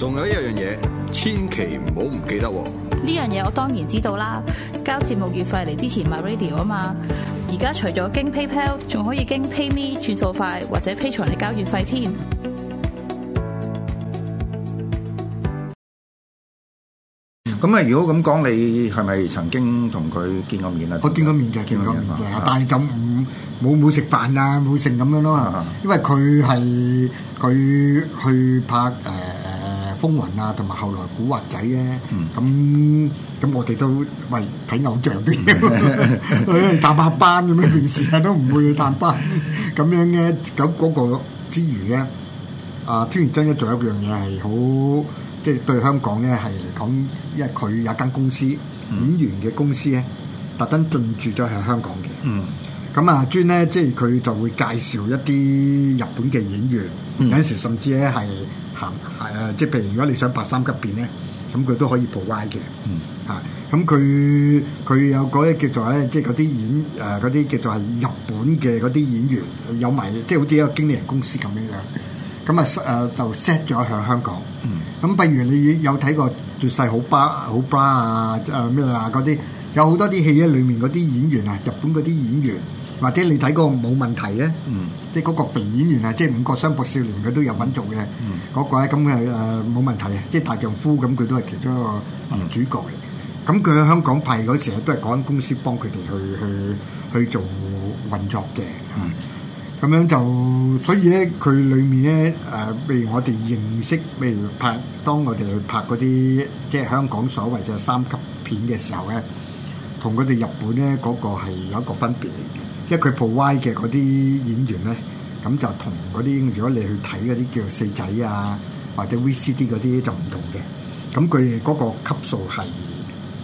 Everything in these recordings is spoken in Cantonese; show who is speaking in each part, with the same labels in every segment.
Speaker 1: 仲有一樣嘢，千祈唔好唔記得喎！呢樣嘢我當然知道啦，交節目月費嚟支持 MyRadio 啊嘛！而家除咗經 PayPal，仲可以經 PayMe 轉數快，或者 Patreon 嚟交月費添。咁啊、嗯，嗯、如果咁講，你係咪曾經同佢見過面啊？我見過面嘅，見過面嘅，
Speaker 2: 但係就冇冇食飯啊，冇剩咁樣咯。因為佢係佢去拍誒。呃風雲啊，同埋後來古惑仔咧、啊，咁咁、嗯、我哋都喂睇偶像啲、 哎，探下班咁、啊、樣，平時啊都唔會探班咁、啊、樣嘅、啊。咁、那、嗰個之餘咧、啊，啊，千葉真咧仲有一樣嘢係好，即係對香港咧係嚟講，因為佢有一間公司，嗯、演員嘅公司咧，特登進駐咗喺香港嘅。嗯，咁啊，朱咧即係佢就會介紹一啲日本嘅演員，有陣時甚至咧係。係啊，即係譬如如果你想拍三級片咧，咁佢都可以播歪嘅。嗯，嚇、啊，咁佢佢有嗰啲叫做咧，即係嗰啲演誒嗰啲叫做係日本嘅嗰啲演員，有埋即係好似一個經理人公司咁樣樣。咁啊誒就 set 咗喺香港。嗯，咁、啊、譬如你有睇過絕世好巴好巴啊誒咩啊嗰啲，有好多啲戲咧，裡面嗰啲演員啊，日本嗰啲演員。或者你睇個冇問題咧、
Speaker 3: 嗯，
Speaker 2: 即係嗰個肥演員啊，即係五國雙博少年佢都有份做嘅，嗰、嗯那個咧，咁誒誒冇問題啊！即係大丈夫咁，佢都係其中一個主角嘅。咁佢喺香港批嗰時咧，都係嗰間公司幫佢哋去去去做運作嘅。咁、嗯嗯、樣就所以咧，佢裡面咧誒，譬、呃、如我哋認識，譬如拍當我哋去拍嗰啲即係香港所謂嘅三級片嘅時候咧，同佢哋日本咧嗰、那個係有一個分別因為佢 provide 嘅嗰啲演員咧，咁就同嗰啲，如果你去睇嗰啲叫四仔啊，或者 VCD 嗰啲就唔同嘅。咁佢嗰個級數係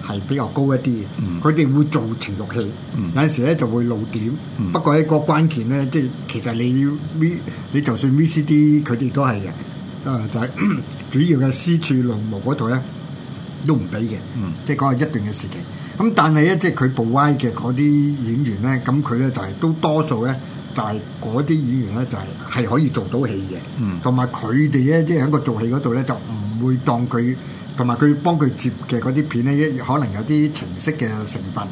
Speaker 2: 係比較高一啲嘅。佢哋、嗯、會做情慾戲，嗯、有陣時咧就會露點。嗯、不過一個關鍵咧，即係其實你要 V，你就算 VCD，佢哋都係啊、呃，就係、是、主要嘅私處濃毛嗰度咧都唔俾嘅。嗯、即係講係一段嘅事情。咁但係咧，即係佢步歪嘅嗰啲演員咧，咁佢咧就係都多數咧，就係嗰啲演員咧就係係可以做到戲嘅，同埋佢哋咧即係喺個做戲嗰度咧就唔會當佢，同埋佢幫佢接嘅嗰啲片咧，一可能有啲情色嘅成分，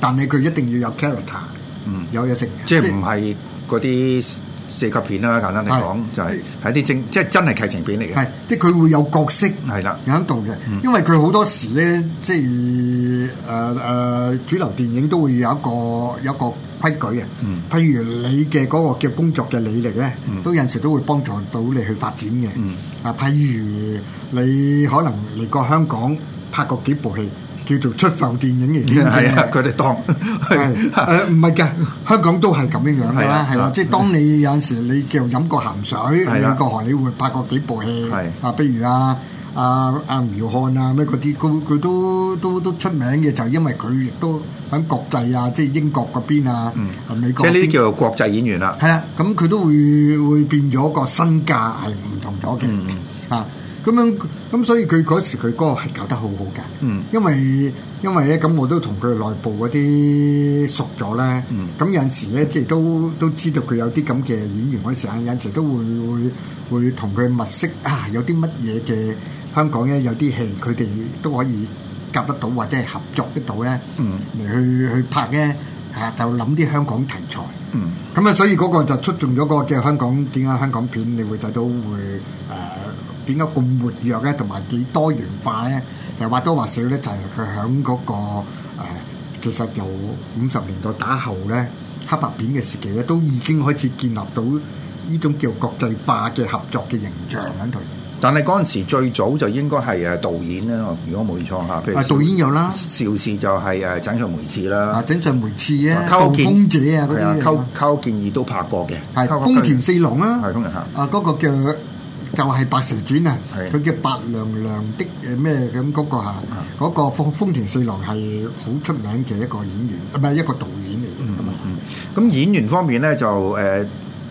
Speaker 2: 但係佢一定要有 character，嗯、有嘢食。即係唔係嗰啲。四級片啦，簡單嚟講，是就係係啲
Speaker 1: 正，即係真係劇情片嚟嘅。係，即係佢會有角色係啦，有喺度嘅。因
Speaker 2: 為佢好多時咧，即係誒誒主流電影都會有一個有一個規矩嘅。嗯，譬如你嘅嗰個叫工作嘅履歷咧，嗯、都有時都會幫助到你去發展嘅。嗯，啊，譬如你可能嚟過香港拍過幾部戲。叫做出埠電影嘅，佢哋當係誒唔係嘅，香港都係咁樣樣啦，係啦，即係當你有陣時你叫飲過鹹水，你過海你會拍過幾部戲，啊，譬如啊，阿阿苗漢啊咩嗰啲，佢佢都都都出名嘅，就係因為佢亦都喺國際啊，即係英國嗰邊啊，同美國，即係呢啲叫
Speaker 1: 做國際演員啦。係啦，
Speaker 2: 咁佢都會會變咗個身價係唔同咗嘅，嚇。咁樣，咁所以佢嗰時佢個係搞得好好嘅，因為因為咧咁我都同佢內部嗰啲熟咗咧，咁有陣時咧即係都都知道佢有啲咁嘅演員嗰陣，有陣時都會會會同佢物色啊，有啲乜嘢嘅香港咧有啲戲佢哋都可以夾得到或者係合作得到咧，嚟去去拍咧啊就諗啲香港題材，咁啊所以嗰個就出眾咗個嘅香港點解香港片你會睇到會誒？點解咁活躍咧，同埋幾多元化咧？又或多或少咧，就係佢喺嗰個誒其實就五十年代打後咧，黑白片嘅時期咧，都已經開始建立到呢種叫國際化嘅合作嘅形象喺度。
Speaker 1: 但係嗰陣時最早就應該係誒導演啦，如果冇錯嚇，譬如導演有啦，邵氏就係誒整上梅次啦，井上梅次啊，盜風者啊啲啊，溝建議都拍過嘅，係豐田四郎啊，係咁
Speaker 2: 啊嗰個叫。就係《白蛇傳》啊的，佢叫白娘娘的咩咁嗰個嚇，嗰的個風風田四郎係好出名嘅一個演員，唔係一個導演嚟、嗯。嗯
Speaker 1: 咁、嗯、演員方面咧就誒、呃，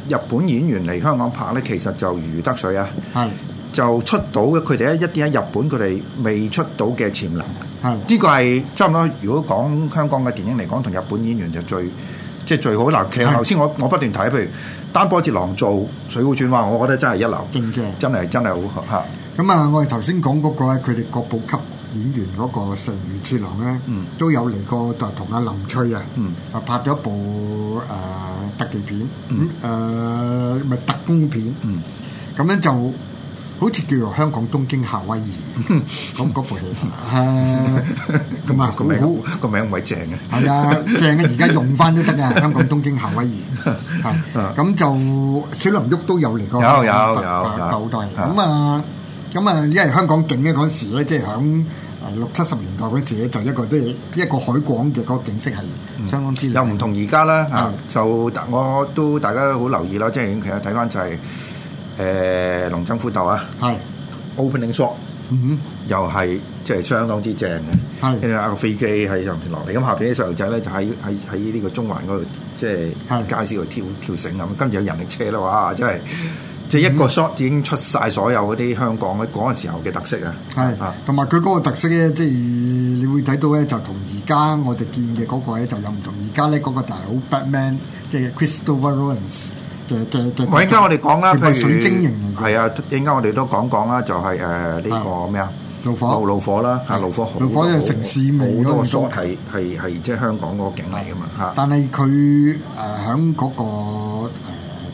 Speaker 1: 日本演員嚟香港拍咧，其實就如得水啊，係的就出到嘅佢哋一一啲喺日本佢哋未出到嘅潛能，係呢的個係差唔多。如果講香港嘅電影嚟講，同日本演員就最。即係最好嗱，其實頭先我我不斷睇，譬如丹波哲郎做《水滸傳》話，我覺得真係一流，勁嘅，真係真係好嚇。
Speaker 2: 咁啊，我哋頭先講嗰個咧，佢哋國寶級演員嗰個成員次郎咧，嗯、都有嚟過就同阿林翠啊，就、嗯、拍咗部誒、呃、特技片，咁誒咪特工片，咁、嗯、樣就。好似叫做香港東京夏威夷，咁嗰部戲，咁啊，咁好，個名唔係正啊，係啊，正啊，而家用翻都得啊，香港東京夏威夷嚇，咁就小林旭都有嚟過，有有有，九代，咁啊，咁啊，因為香港景咧嗰時咧，即係響六七十年代嗰時咧，就一個都一個海港嘅嗰景色係相當之有唔同，而家咧
Speaker 1: 啊，就我都大家好留意啦，即係其實睇翻就係。誒龍爭虎鬥啊，係是 opening shot，、
Speaker 3: 嗯、
Speaker 1: 哼又係即係相當之正嘅，係跟住一個飛機喺上面落嚟，咁下邊啲細路仔咧就喺喺喺呢個中環嗰度，即、就、係、是、是街市度跳條繩咁。跟住有人力車啦，哇、就是！真係即係一個 shot 已經出晒所有嗰啲香港嗰個時候嘅特色是啊，係
Speaker 2: 同埋佢嗰個特色咧，即、就、係、是、你會睇到咧就同而家我哋見嘅嗰個咧就有唔同，而家咧嗰個大佬 man, 就係好 Batman，即係 Christopher Nolan 嘅嘅嘅，咁而家我哋講啦，譬如係啊，而
Speaker 1: 家我哋都講講啦，就係誒呢個咩啊，怒火怒火啦嚇，怒火好，火城市味嗰個好多都係即係香港嗰個景嚟噶嘛嚇。但
Speaker 2: 係佢誒喺嗰個誒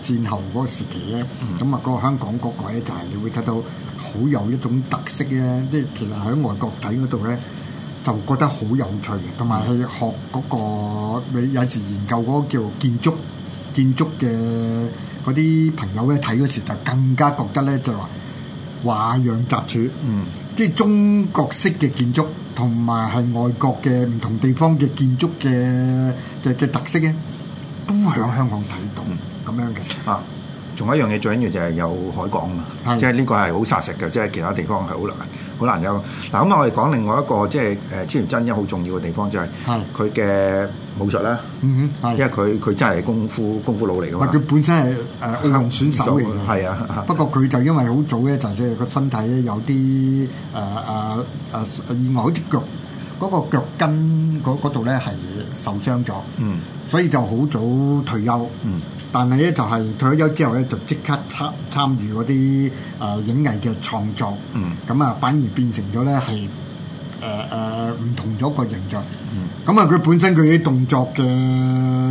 Speaker 2: 戰後嗰個時期咧，咁啊個香港個鬼就係你會睇到好有一種特色咧。即係其實喺外國睇嗰度咧，就覺得好有趣嘅。同埋去學嗰個你有時研究嗰個叫建築。建築嘅嗰啲朋友咧，睇嗰時就更加覺得咧，就話華洋雜處，嗯，即係中國式嘅建築同埋係外國嘅唔同地方嘅建築嘅嘅嘅特色咧，
Speaker 3: 都喺
Speaker 2: 香港睇到
Speaker 1: 咁、嗯、樣嘅啊。仲有一樣嘢最緊要就係有海港啊嘛的，即係呢個係好殺食嘅，即係其他地方係好難。好難有嗱，咁我哋講另外一個即係誒千葉真一好重要嘅地方就係、係，佢嘅的武術啦，嗯哼，因為佢佢真係功夫功夫佬嚟嘅嘛，佢
Speaker 2: 本身係誒奧運選手嚟嘅，係啊，不過佢就因為好早咧，就即係個身體咧有啲誒誒誒意外，啲腳嗰個腳跟嗰度咧係受傷咗，嗯，所以就好早退休，嗯。但係咧，就係退咗休之後咧，就即刻參參與嗰啲誒影藝嘅創作。嗯。咁啊，反而變成咗咧係誒誒唔同咗個形象。嗯。咁啊，佢本身佢啲動作嘅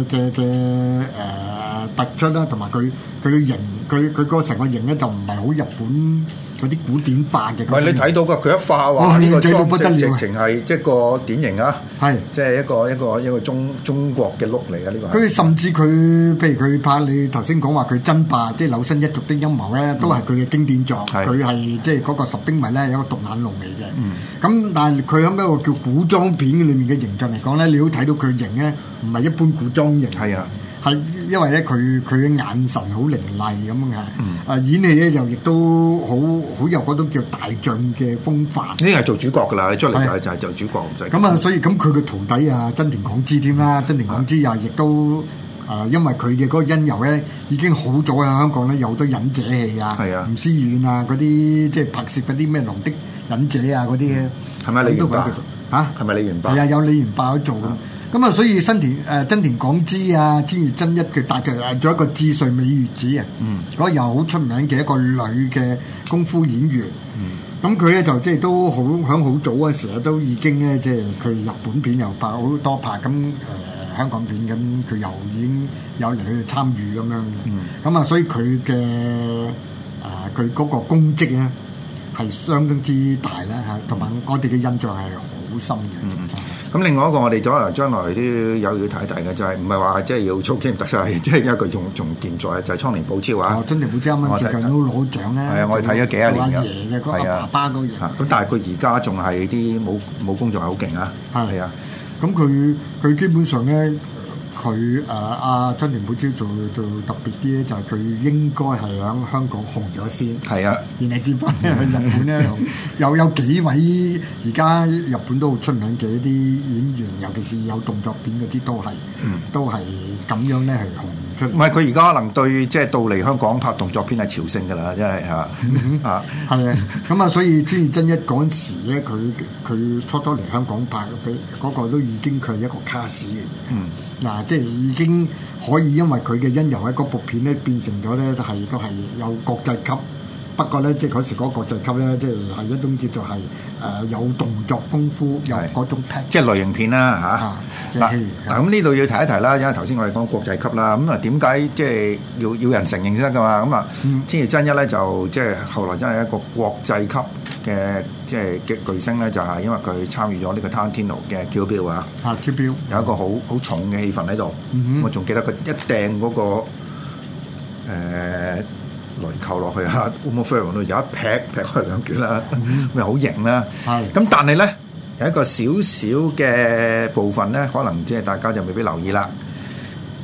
Speaker 2: 嘅嘅誒。呃呃突出啦，同埋佢佢嘅型，佢佢個成個型咧就唔係好日本嗰啲古典化嘅。唔係你睇
Speaker 1: 到噶，佢一化話，連載到不得了。直情係一個典型啊，係即係一個是的 一個，一個，一，個一個中中國嘅碌嚟啊！呢、這個佢甚
Speaker 2: 至佢譬如佢怕你頭先講話佢爭霸，即係柳生一族的陰謀咧，都係佢嘅經典作。佢係、嗯、即係嗰、那個十兵衛咧，有個獨眼龍嚟嘅。咁、嗯嗯、但係佢喺嗰個叫古裝片裏面嘅形象嚟講咧，你都睇到佢型咧，唔係一般古裝型係啊。係，因為咧佢佢嘅眼神好凌厲咁啊！啊演戲咧又亦都好好有嗰種叫大將嘅風範。呢
Speaker 1: 係做主角㗎啦，你出嚟就係就係做主角。咁啊，所
Speaker 2: 以咁佢嘅徒弟啊，真田廣之添啦，真田廣之啊，亦都啊，因為佢嘅嗰個恩仇咧已經好早喺香港咧有好多忍者戲啊，吳思遠啊嗰啲，即係拍攝嗰啲咩《龍的忍者》啊嗰啲嘅，係咪你？李元霸？嚇，係咪李元霸？係啊，有李元霸做。咁啊，嗯、所以新田誒真、呃、田廣之啊、千葉真一嘅，但係又做一個資瑞美月子啊，嗰、嗯、個又好出名嘅一個女嘅功夫演員，嗯，咁佢咧就即係都好響好早嘅時咧，都已經咧即係佢日本片又拍好多拍，咁、呃、誒香港片咁，佢又已經有嚟去參與咁樣嘅。咁啊、嗯，嗯、所以佢嘅誒佢嗰個功績咧係相當之大啦吓，同埋我哋嘅印象係。好
Speaker 1: 深嘅，嗯嗯。咁另外一個，我哋可能將來都要有太太是是要睇睇嘅，就係唔係話即係要操機唔得，晒，係即係一個仲仲健在就係倉田保昭啊。倉田保昭咁樣仲
Speaker 2: 要攞獎咧。係啊，我睇咗幾十年㗎。係、那個、
Speaker 1: 啊。咁但係佢而家仲係啲冇武功
Speaker 2: 仲係好勁啊。係啊的。咁佢佢基本上咧，佢誒阿倉田保昭做做特別啲咧，就係、是、佢應該係響香港紅咗先，係啊的，然後接翻去日本咧， 又有幾位而家日本都好出名嘅一啲演員，尤其是有動作片嗰啲都係，嗯、都係咁樣咧係紅。唔係佢而
Speaker 1: 家可能對即係、就是、到嚟香港拍動作片係朝聖嘅啦，真係嚇
Speaker 3: 嚇，
Speaker 2: 係啊！咁啊， 所以千葉真一嗰陣時咧，佢佢初初嚟香港拍，比嗰個都已經佢係一個卡士，嗯，嗱、啊，即係已經可以，因為佢嘅因由喺嗰部片咧，變成咗咧都係都係有國際級。不過咧，即係嗰時嗰個國際級咧，即係係一種叫做係誒、呃、有動作功夫，
Speaker 1: 有嗰種即係類型片啦、啊，嚇、啊。嗱咁呢度要提一提啦，因為頭先我哋講國際級啦，咁啊點解即係要要人承認先得噶嘛？咁啊，千葉真一咧就即係後來真係一個國際級嘅即係嘅巨星咧，就係、是、因為佢參與咗呢個《Tarantino 嘅《Kill Bill》啊。啊 Kill Bill》有一個好好重嘅戲份喺度。嗯嗯、我仲記得佢一掟嗰、那個、呃啊啊內購落去嚇，烏毛飛毛都有一劈劈開兩卷啦，咪好型啦。咁但係咧，有一個小小嘅部分咧，可能即係大家就未必留意啦。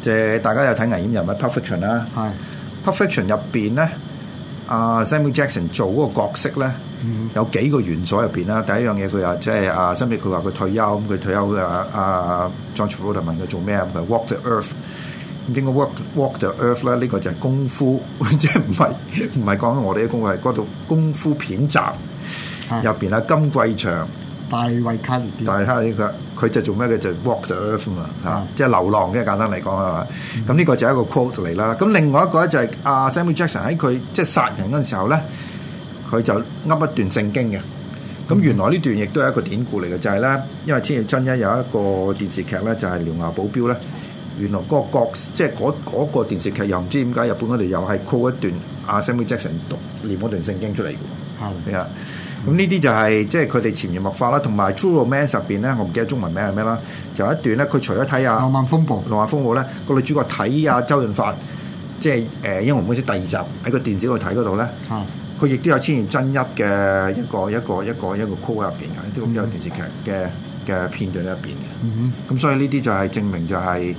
Speaker 1: 即係大家有睇危險人物 perfection 啦，perfection 入邊咧，阿 Samuel Jackson 做嗰個角色咧，有幾個元素入邊啦。第一樣嘢佢話即係阿，甚至佢話佢退休，佢退休佢話阿 John Travolta 問佢做咩，佢話 Walk the Earth。點個 walk walkthe earth 啦，呢個就係功夫，即係唔係唔係講我哋嘅功夫，係嗰套功夫片集入邊啦。金貴祥、大衛卡利，大衛卡利佢佢就做咩？佢就 walk the earth 嘛，吓，即係流浪嘅簡單嚟講係嘛。咁呢個就係一個 quote 嚟啦。咁另外一個咧就係阿 Samuel Jackson 喺佢即係殺人嗰陣時候咧，佢就噏一段聖經嘅。咁原來呢段亦都係一個典故嚟嘅，就係咧，因為千葉真一有一個電視劇咧就係《獠牙保鏢》咧。原來個角色即係嗰嗰個電視劇，又唔知點解日本嗰度又係 call 一段阿 Samuel Jackson 讀念嗰段聖經出嚟嘅，係啊、嗯，咁呢啲就係即係佢哋潛移默化啦，同埋《True Romance》入邊咧，我唔記得中文名係咩啦，就一段咧、啊，佢除咗睇啊浪漫風暴，浪漫風暴咧個女主角睇阿、啊嗯、周潤發，即係誒《英雄本色》第二集喺個電視度睇嗰度咧，佢亦、嗯、都有千葉真一嘅一個一個一個一個 call 入邊嘅，都咁有電視劇嘅嘅片段入邊嘅，咁、嗯嗯、所以呢啲就係證明就係、是。就是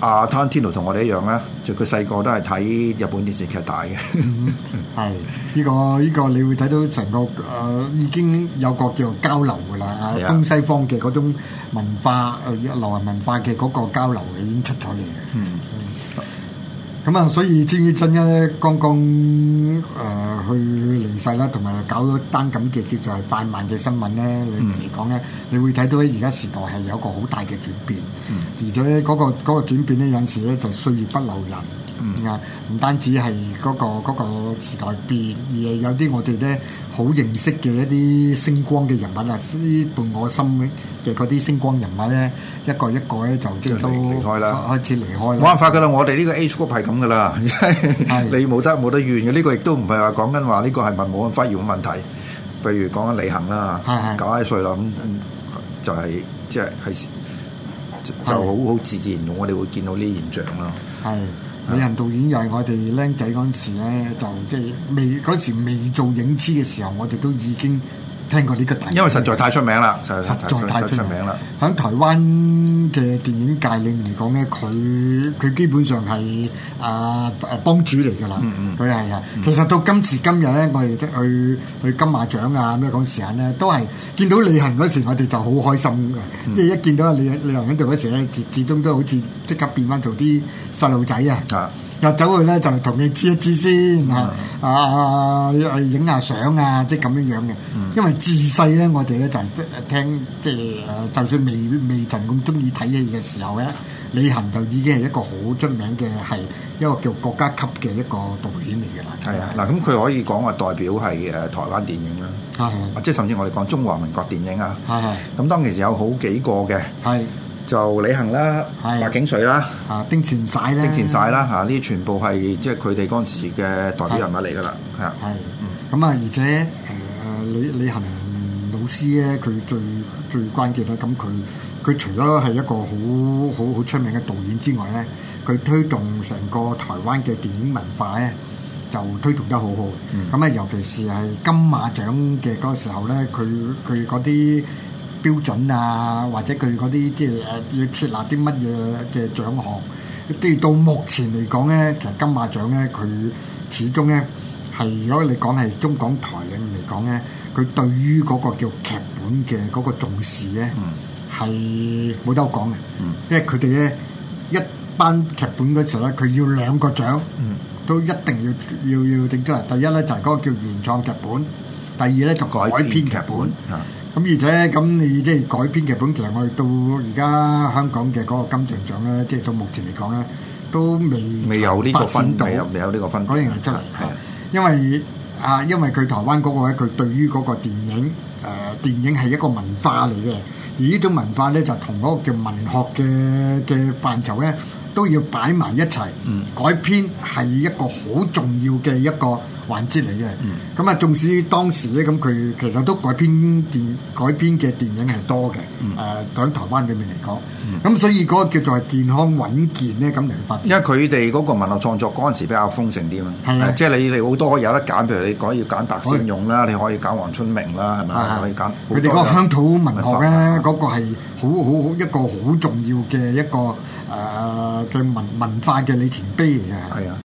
Speaker 1: 阿、啊、塔倫天奴同我哋一樣咧，就佢細個都係睇日本電視劇大嘅
Speaker 2: 係， 呢、這個呢、這個你會睇到成個誒、呃、已經有個叫做交流嘅啦，啊、東西方嘅嗰種文化誒、呃、流行文化嘅嗰個交流已經出咗嚟嘅。
Speaker 3: 嗯，
Speaker 2: 咁啊、嗯嗯，所以千葉真一咧，剛剛誒、呃、去。係啦，同埋搞咗單咁嘅叫做係快慢嘅新聞咧嚟講咧，你會睇到喺而家時代係有一個好大嘅轉變。嗯，而且嗰個嗰個轉變咧，有陣時咧就，歲月不留人。啊！唔單止係嗰個嗰個時代變，而係有啲我哋咧好認識嘅一啲星光嘅人物啊，啲伴我心嘅嗰啲星光人物咧，一個一個咧就即係都開始離開啦。冇辦
Speaker 1: 法噶啦，我哋呢個 age group 係咁噶啦，你冇得冇得怨嘅。呢個亦都唔係話講緊話呢個係咪冇人發現嘅問題。譬如講緊李行啦，九一歲啦，咁就係即係係就好好自然，我哋會見到呢
Speaker 2: 啲現象咯。係。李行導演又係我哋僆仔嗰陣時咧，就即係未嗰時未做影師嘅時候，我哋都已經聽過呢個大，因為實在太出名啦，
Speaker 1: 實在太出名啦。
Speaker 2: 喺台灣嘅電影界裏面嚟講咧，佢佢基本上係啊幫主嚟㗎啦。佢係啊，其實到今時今日咧，我哋去去金馬獎啊咩嗰時陣咧，都係見到李行嗰時，我哋就好開心嘅。即係、嗯、一見到李李行喺度嗰時咧，始終都好似即刻變翻做啲細路仔啊。啊入走去咧就同你黐一黐先、mm hmm. 啊，啊啊影下相啊，即咁樣樣嘅。Mm hmm. 因為自細咧，我哋咧就係聽，即係誒，就算未未曾咁中意睇戲嘅時候咧，李行就已經係一個好出名嘅，係一個叫國家級嘅一個導演嚟嘅。係啊，
Speaker 1: 嗱咁佢可以講話代表係誒台灣電影啦。係，即係甚至我哋講中華民國電影啊。係
Speaker 3: 係。
Speaker 1: 咁當其時有好幾個嘅。係。就李行啦，白景瑞啦，啊丁善璽咧，丁善璽啦，嚇呢啲全部係即係佢哋嗰陣時嘅代表人物嚟㗎啦，係啊，
Speaker 2: 係，咁啊，而且誒、呃、李李行老師咧，佢最最關鍵啦，咁佢佢除咗係一個好好好出名嘅導演之外咧，佢推動成個台灣嘅電影文化咧，就推動得好好，咁啊、嗯，嗯、尤其是係金馬獎嘅嗰時候咧，佢佢嗰啲。標準啊，或者佢嗰啲即係誒要設立啲乜嘢嘅獎項，即係到目前嚟講咧，其實金馬獎咧，佢始終咧係如果你講係中港台領嚟講咧，佢對於嗰個叫劇本嘅嗰個重視咧，係冇得講嘅。因為佢哋咧一頒劇本嘅時候咧，佢要兩個獎，都一定要要要整出嚟。第一咧就係嗰個叫原創劇本，第二咧就改編劇本。咁而且，咁你即係改編劇本，其實我哋到而家香港嘅嗰個金像獎咧，即係到目前嚟講咧，都未未有呢個分未未有
Speaker 1: 呢個分嗰樣嘅質素。係是的
Speaker 2: 因為啊，因為佢台灣嗰、那個咧，佢對於嗰個電影誒、呃，電影係一個文化嚟嘅，而呢種文化咧就同嗰個叫文學嘅嘅範疇咧，都要擺埋一齊。嗯，改編係一個好重要嘅一個。環節嚟嘅，咁啊、嗯，縱使當時咧，咁佢其實都改編電改編嘅電影係多嘅，誒、嗯，喺、呃、台灣裏面嚟講，咁、嗯嗯、所以嗰個叫做係健康穩健咧，咁嚟發展。因為
Speaker 1: 佢哋嗰個文學創作嗰陣時比較豐盛啲啊，即係你哋好多有得揀，譬如你可以揀白先勇啦，啊、你可以揀黃春明啦，係咪、啊、可以揀。佢哋嗰個鄉
Speaker 2: 土文學咧、啊，嗰、啊、個係好好一個好重要嘅一個誒嘅
Speaker 3: 文文化嘅里程碑嚟嘅。係啊。